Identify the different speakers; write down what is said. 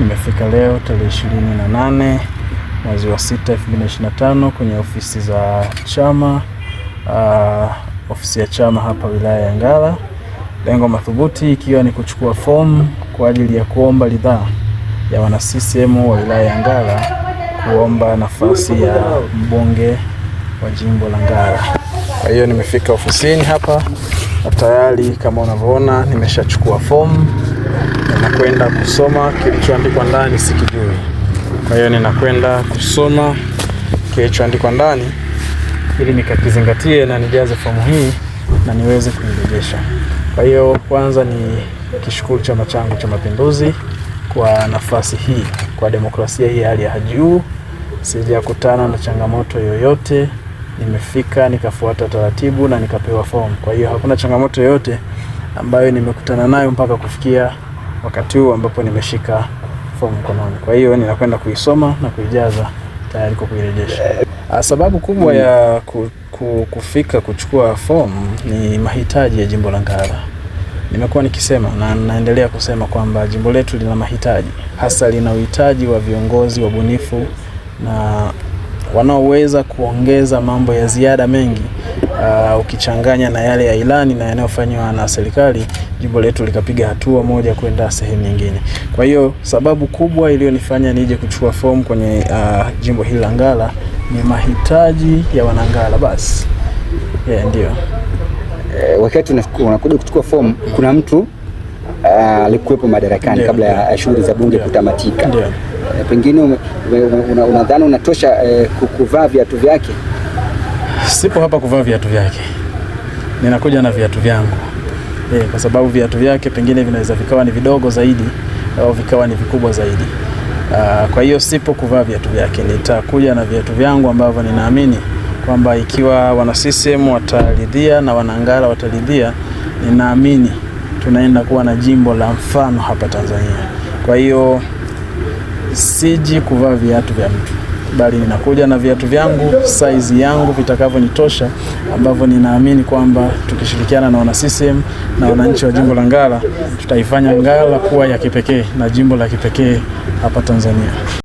Speaker 1: Imefika leo tarehe na nane mwezi wa sita na tano kwenye ofisi za chama uh, ofisi ya chama hapa wilaya ya Ngara, lengo madhubuti ikiwa ni kuchukua fomu kwa ajili ya kuomba ridhaa ya wana CCM wa wilaya ya Ngara kuomba nafasi ya mbunge wa jimbo la Ngara. Kwa hiyo nimefika ofisini hapa na tayari kama unavyoona nimeshachukua fomu kwenda kusoma kilichoandikwa ndani sikijui. Kwa hiyo ninakwenda kusoma kilichoandikwa ndani ili nikakizingatie na nijaze fomu hii na niweze kuirejesha. Kwa hiyo kwanza ni kishukuru chama changu cha Mapinduzi kwa nafasi hii, kwa demokrasia hii hali ya juu. Sijakutana na changamoto yoyote, nimefika nikafuata taratibu na nikapewa fomu. Kwa hiyo hakuna changamoto yoyote ambayo nimekutana nayo mpaka kufikia wakati huu ambapo nimeshika fomu mkononi. Kwa hiyo ninakwenda kuisoma na kuijaza tayari kwa kuirejesha. Eh, ah, sababu kubwa mm. ya ku, ku, kufika kuchukua fomu ni mahitaji ya jimbo la Ngara. Nimekuwa nikisema na naendelea kusema kwamba jimbo letu lina mahitaji, hasa lina uhitaji wa viongozi wabunifu na wanaoweza kuongeza mambo ya ziada mengi uh, ukichanganya na yale ya ilani na yanayofanywa na serikali, jimbo letu likapiga hatua moja kwenda sehemu nyingine. Kwa hiyo sababu kubwa iliyonifanya nije kuchukua fomu kwenye uh, jimbo hili la Ngara ni mahitaji ya Wanangara basi. Yeah, ndio.
Speaker 2: E, wakati unakuja kuchukua fomu kuna mtu Eh, alikuwepo uh, madarakani kabla ya shughuli za bunge kutamatika. Eh, pengine unadhani unatosha uh, kuvaa viatu vyake?
Speaker 1: Sipo hapa kuvaa viatu vyake, ninakuja na viatu vyangu eh, kwa sababu viatu vyake pengine vinaweza vikawa ni vidogo zaidi au vikawa ni vikubwa zaidi. Uh, kwa hiyo sipo kuvaa viatu vyake, nitakuja na viatu vyangu ambavyo ninaamini kwamba ikiwa wana CCM wataridhia na wanangara wataridhia, ninaamini tunaenda kuwa na jimbo la mfano hapa Tanzania. Kwa hiyo siji kuvaa viatu vya mtu, bali ninakuja na viatu vyangu saizi yangu vitakavyonitosha, ambavyo ninaamini kwamba tukishirikiana na wana CCM na wananchi wa jimbo la Ngara tutaifanya Ngara kuwa ya kipekee na jimbo la kipekee hapa Tanzania.